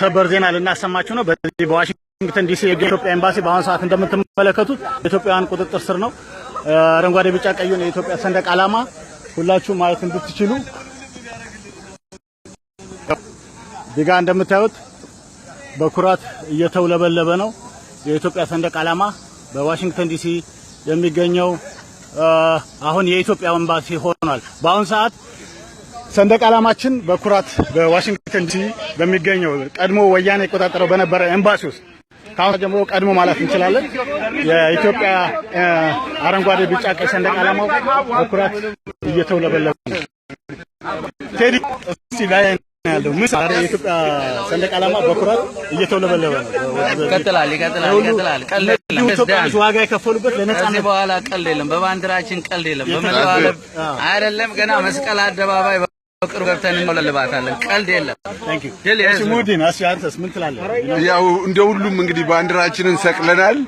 ሰበር ዜና ልናሰማችሁ ነው። በዚህ በዋሽንግተን ዲሲ የኢትዮጵያ ኤምባሲ በአሁኑ ሰዓት እንደምትመለከቱት ኢትዮጵያውያን ቁጥጥር ስር ነው። አረንጓዴ፣ ቢጫ ቀዩን የኢትዮጵያ ሰንደቅ ዓላማ ሁላችሁ ማለት እንድትችሉ ዲጋ እንደምታዩት በኩራት እየተውለበለበ ነው። የኢትዮጵያ ሰንደቅ ዓላማ በዋሽንግተን ዲሲ የሚገኘው አሁን የኢትዮጵያ ኤምባሲ ሆኗል። በአሁኑ ሰዓት ሰንደቅ ዓላማችን በኩራት በዋሽንግተን ዲሲ በሚገኘው ቀድሞ ወያኔ የቆጣጠረው በነበረ ኤምባሲ ውስጥ ከአሁን ጀምሮ ቀድሞ ማለት እንችላለን የኢትዮጵያ አረንጓዴ፣ ቢጫ፣ ቀይ ሰንደቅ ዓላማ በኩራት እየተውለበለበ ነው። ቴዲ እስቲ ላይ ያለው ምስ የኢትዮጵያ ሰንደቅ ዓላማ በኩራት እየተውለበለበ ነው። ይቀጥላል፣ ይቀጥላል፣ ይቀጥላል። ዋጋ የከፈሉበት ለነጻነት በኋላ ቀልድ የለም። በባንዲራችን ቀልድ የለም። በመለዋለብ አይደለም ገና መስቀል አደባባይ በቅርቡ ገብተን እንለልባታለን። ቀልድ የለም። ያው እንደ ሁሉም እንግዲህ ባንዲራችንን ሰቅለናል።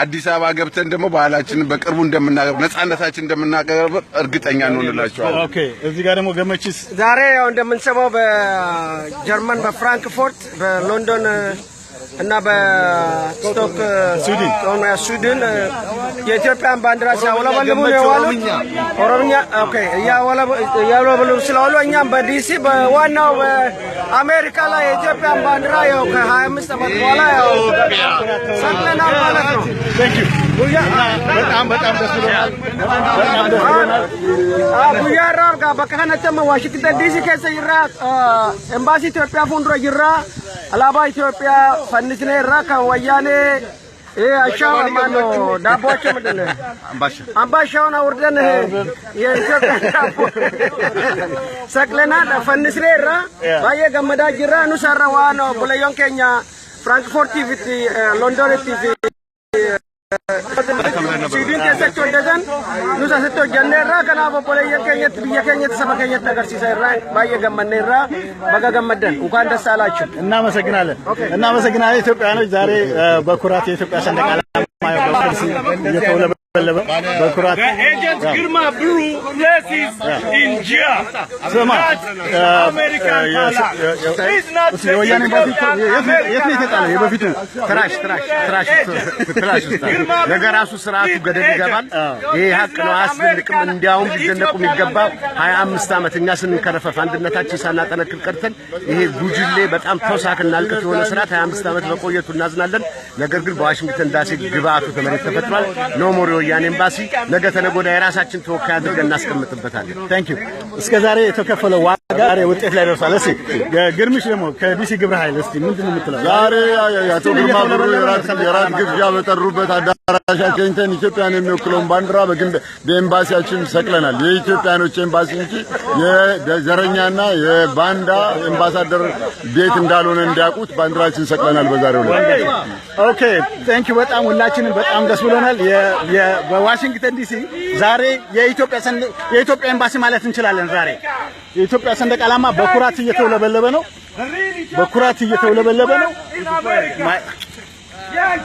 አዲስ አበባ ገብተን ደግሞ ባህላችንን በቅርቡ እንደምናገር ነጻነታችን እንደምናቀርብ እርግጠኛ እንሆንላቸዋለን። ኦኬ። እዚህ ጋር ደግሞ ገመችስ ዛሬ ያው እንደምንሰማው በጀርመን በፍራንክፎርት በሎንዶን እና በስቶክ ስዊድን የኢትዮጵያን ባንዲራ ሲያውለበልቡ ነው የዋሉት። ኦሮምኛ እያውለበልቡ ስለዋሉ እኛም በዲሲ በዋናው በአሜሪካ ላይ የኢትዮጵያን ባንዲራ ያው ከሀያ አምስት ዓመት በኋላ ያው ሰቅለናል ማለት ነው። ኤምባሲ ኢትዮጵያ ፉንድሮ ጅራ አላባ ኢትዮጵያ ፈንስኔ ራ ከወያኔ ይህ አሻው ማነው? ዳቦቸው ምንድን ነው? አምባሻውን አውርደን የኢትዮጵያ ዳቦ ሰቅለናል። ፈንስሬ ራ ባየ ገመዳ ጅራ ኑሰራ ዋኖ ቡለዮን ኬኛ ፍራንክፎርት ቲቪ ሎንዶን ቲቪ ሲዲን ከሰቾ እንደዘን ኑሳ ሰቾ ጀነራ ከና በፖለ የከኘት በየከኘት ሰበከኘት ነገር ሲሰራ ባየ ገመነራ በጋ ገመደን እንኳን ደስ አላችሁ። እናመሰግናለን እናመሰግናለን። ኢትዮጵያኖች ዛሬ በኩራት የኢትዮጵያ ሰንደቅ ዓላማ የተውለበ በኩራት የወያኔ የበፊት ትራሽ ነገ ራሱ ስርዓቱ ገደል ይገባል። ይህ ሀቅ ነው፣ አያስደንቅም። እንዲያውም ሊደነቁ የሚገባ ሀያ አምስት ዓመት እኛ ስንከረፈፍ አንድነታችን ሳናጠነክር ቀርተን ይሄ ጉጅሌ በጣም ተውሳክና እልቅት የሆነ ስርዓት ሀያ አምስት ዓመት መቆየቱ እናዝናለን። ነገር ግን በዋሽንግተን ዳሴ ግብአቱ ተመሬት ተፈጥሯል። ኖ ወያኔ ኤምባሲ ነገ ተነጎዳ የራሳችን ተወካይ አድርገን እናስቀምጥበታለን። ታንክ ዩ። እስከ ዛሬ የተከፈለው ዛሬ ውጤት ላይ ደርሷል። እስኪ ግርምሽ ደግሞ ከቢሲ ግብረ ኃይል እስኪ ምንድን ነው የምትለው? ዛሬ አቶ ግርማ ብሩ የራት ግብዣ በጠሩበት አዳራሽ አገኝተን ኢትዮጵያን የሚወክለውን ባንዲራ በኤምባሲያችን ሰቅለናል። የኢትዮጵያኖች ኤምባሲ እንጂ የዘረኛና የባንዳ ኤምባሳደር ቤት እንዳልሆነ እንዲያውቁት ባንዲራችን ሰቅለናል በዛሬው ላይ። ኦኬ ቴንክ ዩ በጣም ሁላችንም በጣም ደስ ብሎናል። በዋሽንግተን ዲሲ ዛሬ የኢትዮጵያ ኤምባሲ ማለት እንችላለን ዛሬ የኢትዮጵያ ሰንደቅ ዓላማ በኩራት እየተውለበለበ ነው። በኩራት እየተውለበለበ ነው።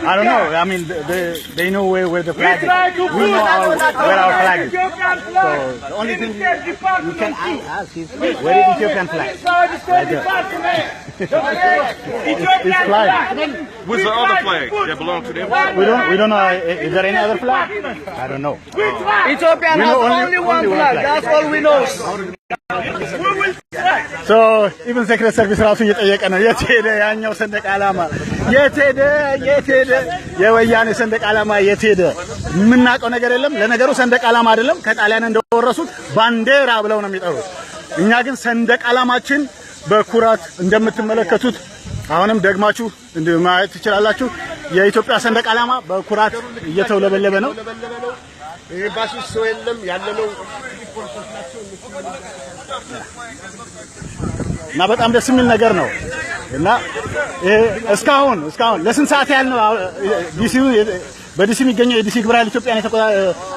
I don't know. I mean, they, they know where, where the flag is. We know our, where our flag is. So the only thing you can ask is where is the Ethiopian flag? Right it's flag. Where's the other flag that belongs to them? We don't, we don't know. Is there any other flag? I don't know. Ethiopian has only, only one flag. That's all we know. ኢብን ሴክሬት ሰርቪስ ራሱ እየጠየቀ ነው። የት ሄደ ያኛው ሰንደቅ ዓላማ? የት ሄደ? የት ሄደ? የወያኔ ሰንደቅ ዓላማ የት ሄደ? የምናውቀው ነገር የለም። ለነገሩ ሰንደቅ ዓላማ አይደለም፣ ከጣሊያን እንደወረሱት ባንዴራ ብለው ነው የሚጠሩት። እኛ ግን ሰንደቅ ዓላማችን በኩራት እንደምትመለከቱት አሁንም ደግማችሁ ማየት ትችላላችሁ። የኢትዮጵያ ሰንደቅ ዓላማ በኩራት እየተውለበለበ ነው። ኤምባሲ ውስጥ ሰው የለም ያለነው እና በጣም ደስ የሚል ነገር ነው። እና እስካሁን እስካሁን ለስንት ሰዓት ያህል ነው ዲሲ በዲሲ የሚገኘው የዲሲ ግብረ ኃይል ኢትዮጵያን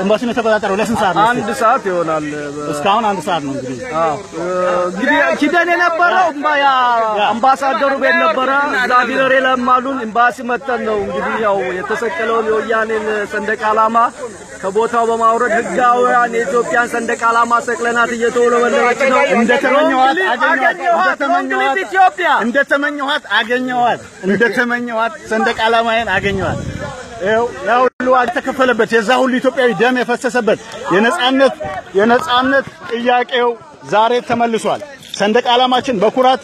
ኤምባሲውን የተቆጣጠረው ለስንት ሰዓት ነው? አንድ ሰዓት ይሆናል። እስካሁን አንድ ሰዓት ነው። እንግዲህ አዎ፣ እንግዲህ ኪደን የነበረው አምባሳደሩ ቤት ነበረ። ዛቪሬ ለማሉን ኤምባሲ መተን ነው እንግዲህ ያው የተሰቀለውን የወያኔን ሰንደቅ ዓላማ ከቦታው በማውረድ ህጋውያን የኢትዮጵያን ሰንደቅ ዓላማ ሰቅለናት እየተወለበለበች ነው። እንደተመኘኋት አገኘኋት፣ እንደተመኘኋት አገኘኋት፣ እንደተመኘኋት ሰንደቅ ዓላማዬን አገኘኋት። ያው ሁሉ የተከፈለበት የዛ ሁሉ ኢትዮጵያዊ ደም የፈሰሰበት የነጻነት የነጻነት ጥያቄው ዛሬ ተመልሷል። ሰንደቅ ዓላማችን በኩራት